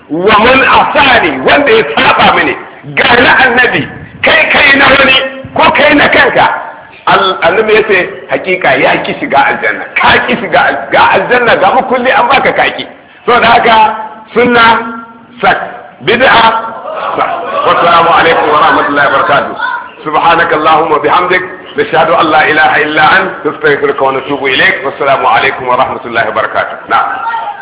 wa man asani wanda ya saba mini ga na annabi kai kai na wani ko kai na kanka annabi ya ce hakika ya ki shiga aljanna ka ki shiga ga aljanna ga mu kulli an baka kaki so da haka sunna sak bid'a wa assalamu alaikum wa rahmatullahi wa barakatuh subhanaka allahumma bihamdik nashhadu an la ilaha illa anta nastaghfiruka wa natubu ilaik alaikum wa rahmatullahi wa